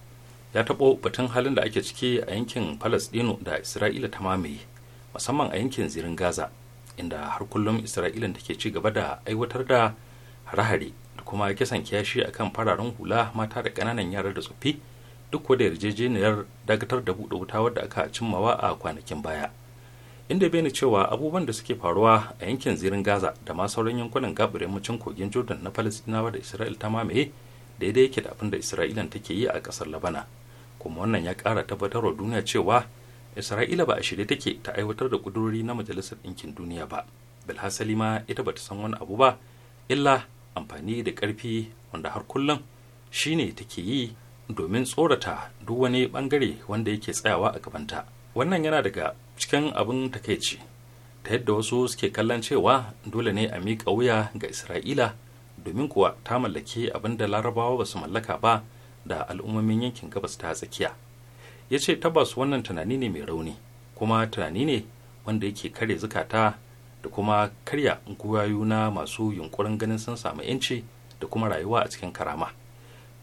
ya taɓo batun halin da ake ciki a yankin falasɗinu da isra'ila ta mamaye musamman a yankin zirin gaza inda har kullum isra'ila da ke ci gaba da aiwatar da harhari da kuma kisan kiyashi akan fararen hula mata da ƙananan yara da tsofi duk da yarjejeniyar dagatar da buɗe wuta wadda aka cimmawa a kwanakin baya inda ni cewa abubuwan da suke faruwa a yankin zirin gaza da ma sauran yankunan gabar yammacin kogin jordan na falastinawa da isra'il ta mamaye daidai yake da abin da isra'ilan take yi a ƙasar labana kuma wannan ya ƙara tabbatarwa duniya cewa isra'ila ba a shirye take ta aiwatar da kudurori na majalisar ɗinkin duniya ba bilhassali ma ita bata san wani abu ba illa amfani da ƙarfi wanda har kullum shine take yi domin tsorata duk wani bangare wanda yake tsayawa a gabanta wannan yana daga cikin abin takaici ta yadda wasu suke kallon cewa dole ne a miƙa wuya ga isra'ila domin kuwa ta mallaki abin da larabawa ba su mallaka ba da al'ummomin yankin gabas ta tsakiya ya ce tabbas wannan tunani ne mai rauni kuma tunani ne wanda yake kare zukata da kuma karya gwayoyi na masu yunkurin ganin sun samu 'yanci da kuma rayuwa a cikin karama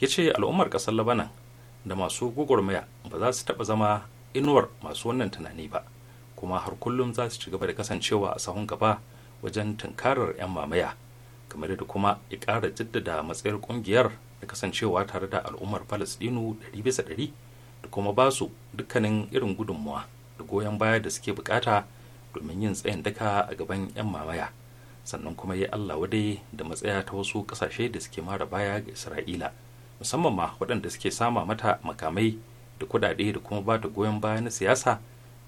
ya ce al'ummar ƙasar labanan da masu gwagwarmaya ba za su taɓa zama inuwar masu wannan tunani ba kuma har kullum za su ci gaba da kasancewa a sahun gaba wajen tunkarar 'yan mamaya kamar da kuma ya ƙara jaddada matsayar ƙungiyar da kasancewa tare da al'ummar falastinu 100 bisa 100 da kuma ba su dukkanin irin gudunmuwa da goyon baya da suke bukata domin yin tsayin daka a gaban 'yan mamaya sannan kuma ya allah wadai da matsaya ta wasu kasashe da suke mara baya ga isra'ila musamman ma waɗanda suke sama mata makamai da kuɗaɗe da kuma ba ta goyon baya na siyasa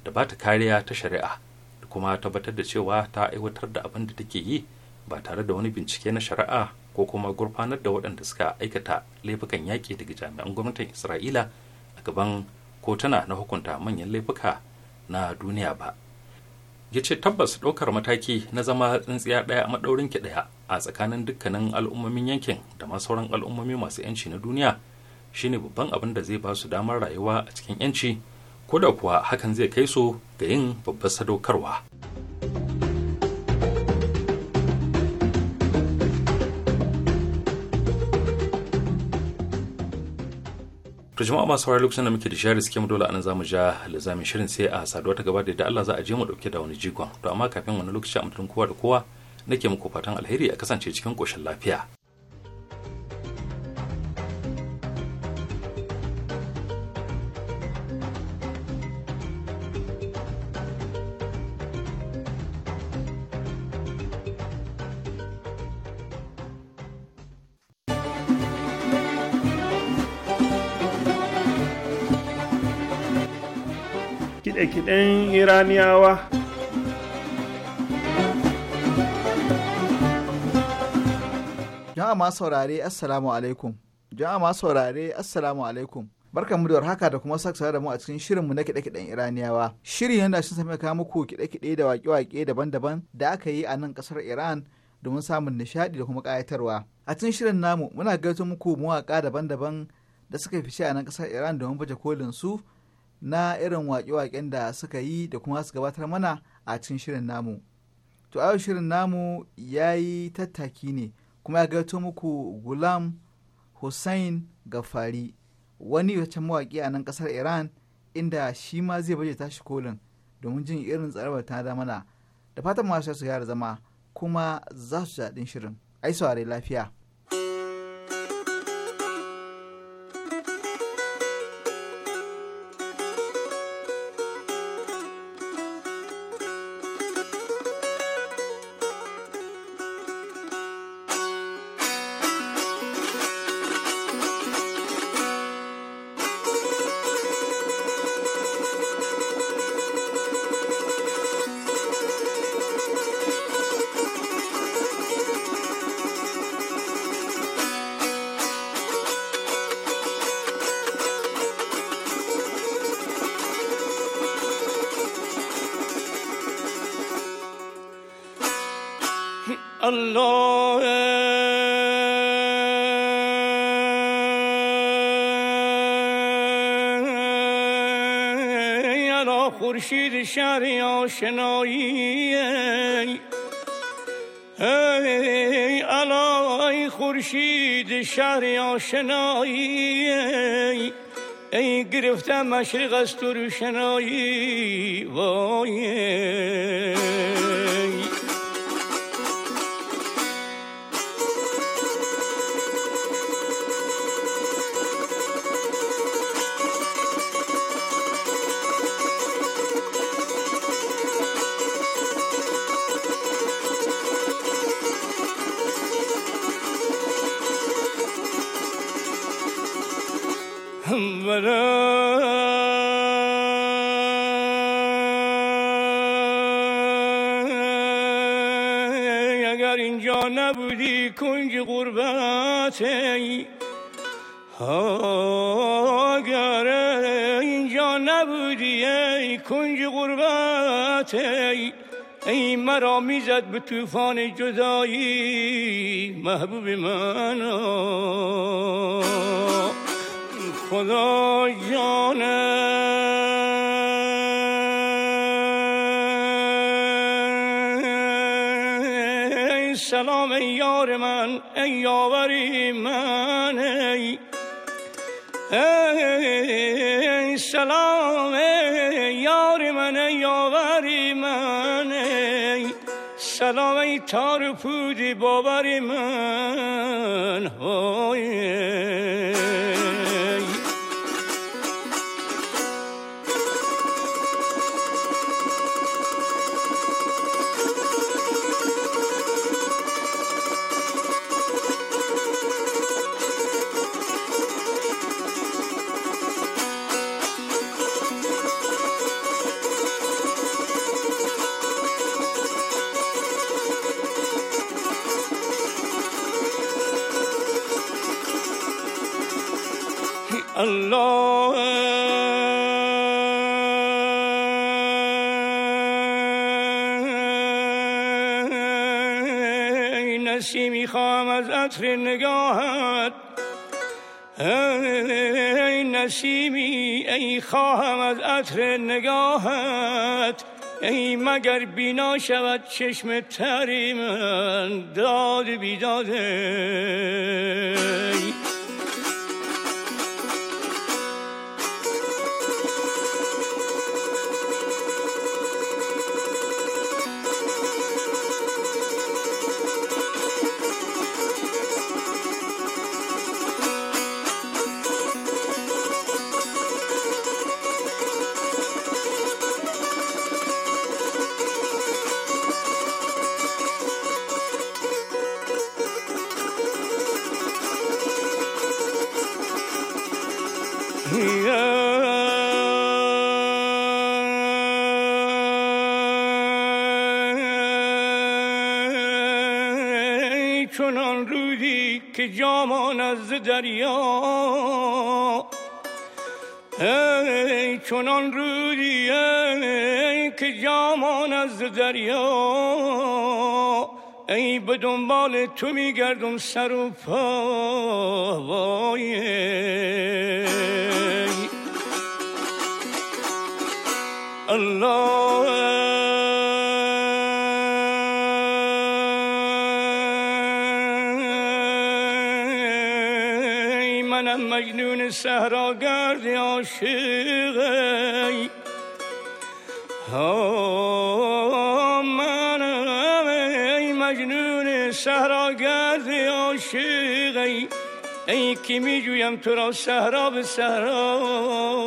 da ba ta kariya ta shari'a da kuma tabbatar da cewa ta aiwatar da abin da take yi ba tare da wani bincike na shari'a ko kuma gurfanar da waɗanda suka aikata laifukan yaƙi daga jami'an gwamnatin isra'ila a gaban kotuna na hukunta manyan laifuka na duniya ba ya ce tabbas ɗaukar mataki na zama tsintsiya ɗaya a maɗaurin ki ɗaya a tsakanin dukkanin al'ummomin yankin da ma sauran al'ummomi masu yanci na duniya shine babban abin da zai ba su damar rayuwa a cikin yanci ko da kuwa hakan zai kai su ga yin babbar sadaukarwa. to jama'a masu saurari lokacin da muke da share suke mu dole anan zamu ja lizamin shirin sai a saduwa ta gaba da yadda Allah za a je mu dauke da wani jigon to amma kafin wani lokaci a mutun kowa da kowa nake muku fatan alheri a kasance cikin koshin lafiya 'yan iraniyawa jama'a saurare assalamu alaikum jama'a saurare assalamu alaikum barka mu da warhaka da kuma saksa da mu a cikin shirinmu na kiɗe-kiɗen iraniyawa Shiri yana shi sami kawo muku kiɗe-kiɗe da waƙe-waƙe daban-daban da aka yi a nan ƙasar iran domin samun nishaɗi da kuma ƙayatarwa a cikin shirin namu muna gaito muku mawaƙa daban-daban da suka fice a nan ƙasar iran domin baje kolin su na irin waƙe-waƙen da suka yi da kuma su gabatar mana a cikin shirin namu. To a shirin namu ya yi tattaki ne kuma ya gaito muku Gulam Hussein Gafari wani wacce mawaƙi a nan ƙasar Iran inda shi ma zai baje tashi kolin domin jin irin tsarabar ta da mana da fatan masu su yara zama kuma za su jaɗin shirin. Ai saurari lafiya. آشنایی ای علای خورشید شهر آشنایی ای گرفته مشرق از تو روشنایی اگر اینجا نبودی کنج قربت اگر اینجا نبودی ای کنج قربت ای مرا میزد به طوفان جدایی محبوب من خدا جانم سلام ای یار من ای یاوری من ای ای سلام ای یار من ای یاوری من ای سلام ای تار پودی باوری من نسیمی ای خواهم از عطر نگاهت ای مگر بینا شود چشم تری من داد بیداده جامان از دریا ای چنان رودی ای که جامان از دریا ای به دنبال تو میگردم سر و پا وای الله که می جویم تو را صحرا به صحرا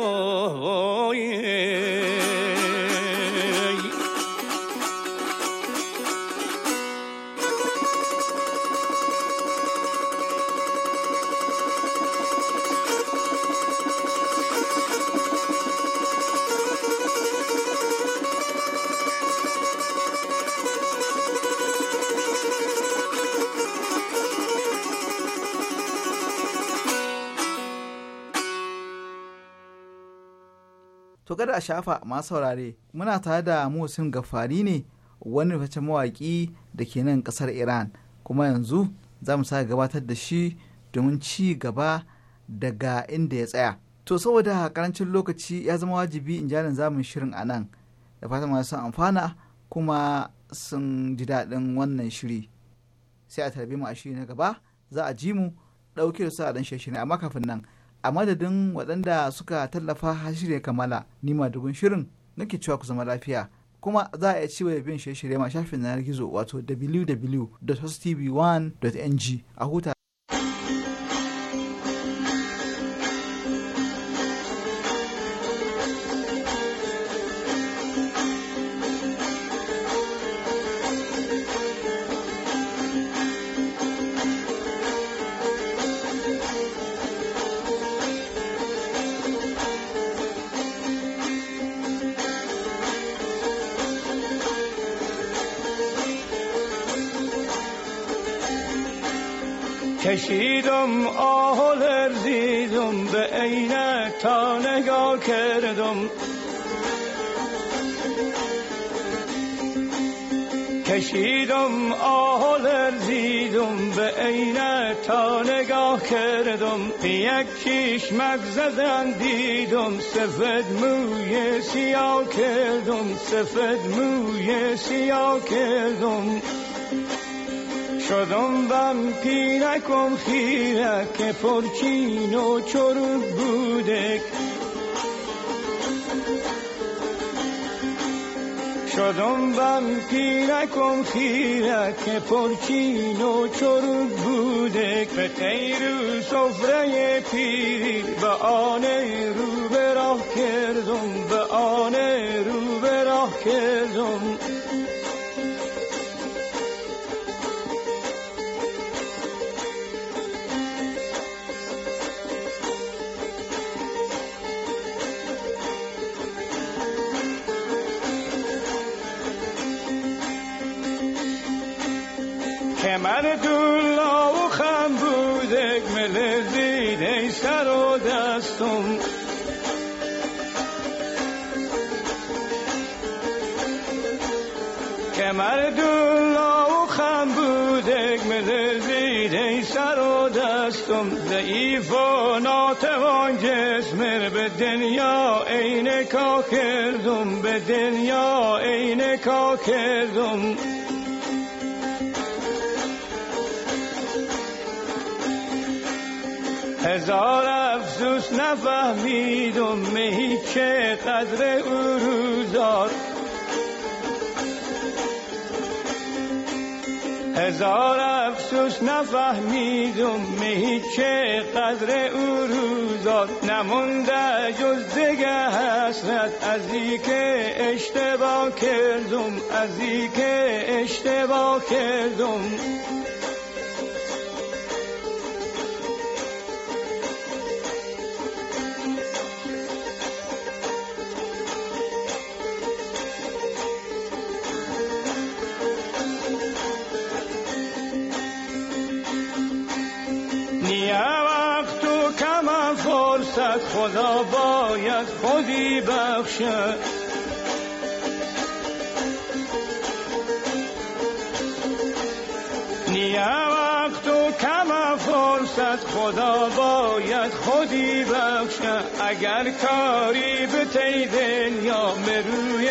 To kada a shafa masu saurare muna tare da Musin Gafari ne wani facen mawaƙi da ke nan ƙasar Iran kuma yanzu za mu sake gabatar da shi domin ci gaba daga inda ya tsaya. To saboda karancin lokaci ya zama wajibi in nan zamun shirin a nan da fatan masu amfana kuma sun ji daɗin wannan shiri. Sai a tarbi mu a shiri na gaba za a ji mu ɗauke da sa ɗan shirin amma kafin nan a madadin waɗanda suka tallafa shirya kamala ni madugun shirin nake cewa ku zama lafiya kuma za a iya ci bin shirye-shirye ma shafin yanar gizo wato www.hostv1.ng a huta کردم آه لرزیدم به عینه تا نگاه کردم کشیدم آه لرزیدم به عینه تا نگاه کردم یک چیش مگزدن دیدم سفد موی سیاه کردم سفد موی سیاه کردم شدم بم پیرکم که پرچین و بوده بودک شدم بم پیرکم که پرچین و چرخ بودک به تیرو سفره پیری به آن رو به راه کردم به آن رو به راه کردم گفتم ضعیف و ناتوان جسم به دنیا عین کا کردم به دنیا عین کا کردم هزار افسوس نفهمیدم مهی که قدر او روزار هزار توش نفهمیدم مهی که قدر او روزا نمونده جز دگه حسرت از ای که اشتباه کردم از ای که اشتباه کردم خدا باید خودی بخشد نیه وقت و کم فرصت خدا باید خودی بخشد اگر کاری به تی دنیا مروی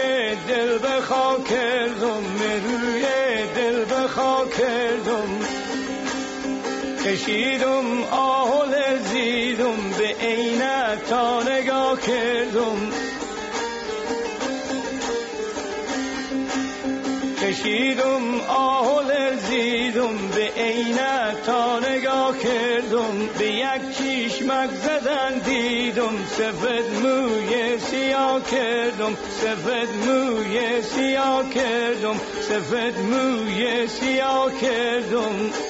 دل بخوا کردم مروی دل بخوا کردم کشیدم آهل دیدم به عینه تا نگاه کردم کشیدم آه و لرزیدم به عینه تا نگاه کردم به یک چشمک زدن دیدم سفد موی سیاه کردم سفد موی سیاه کردم سفد موی سیاه کردم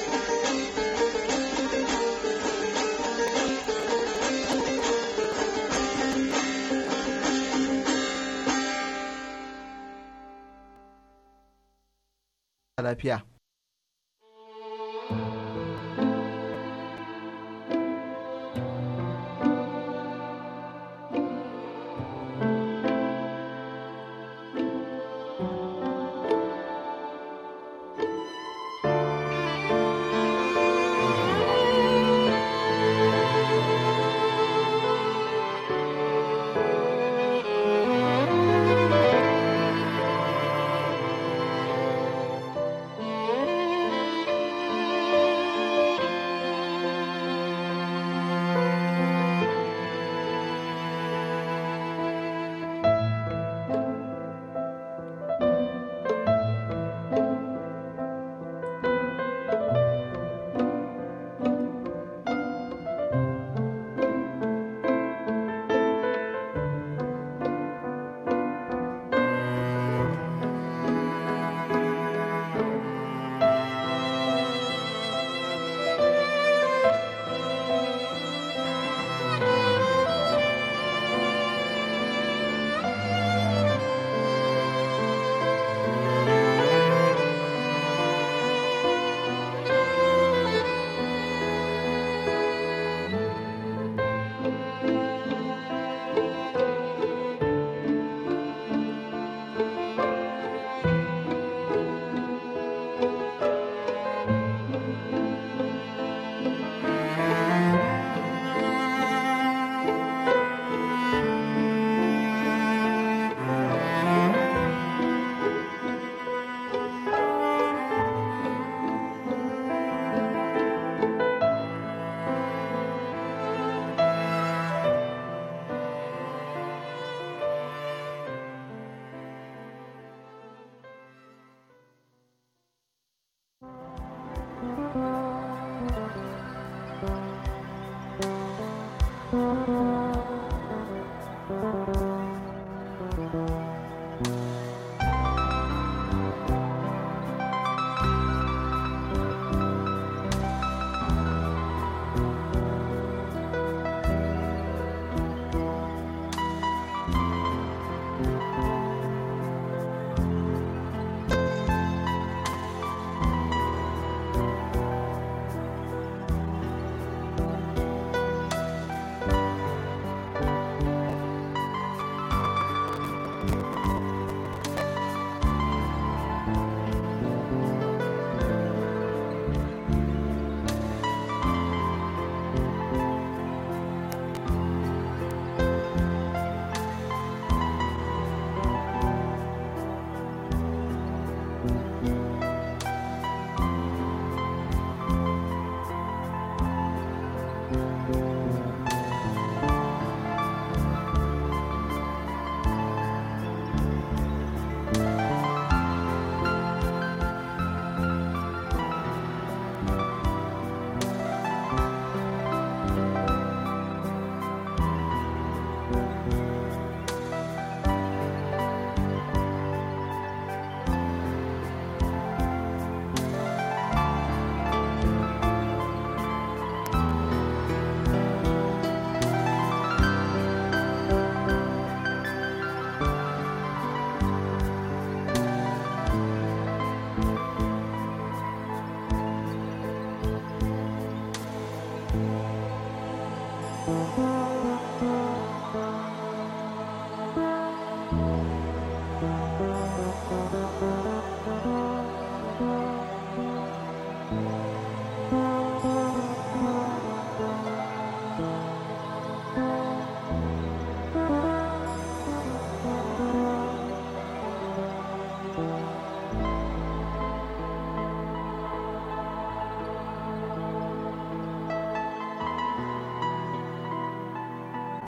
lafiya.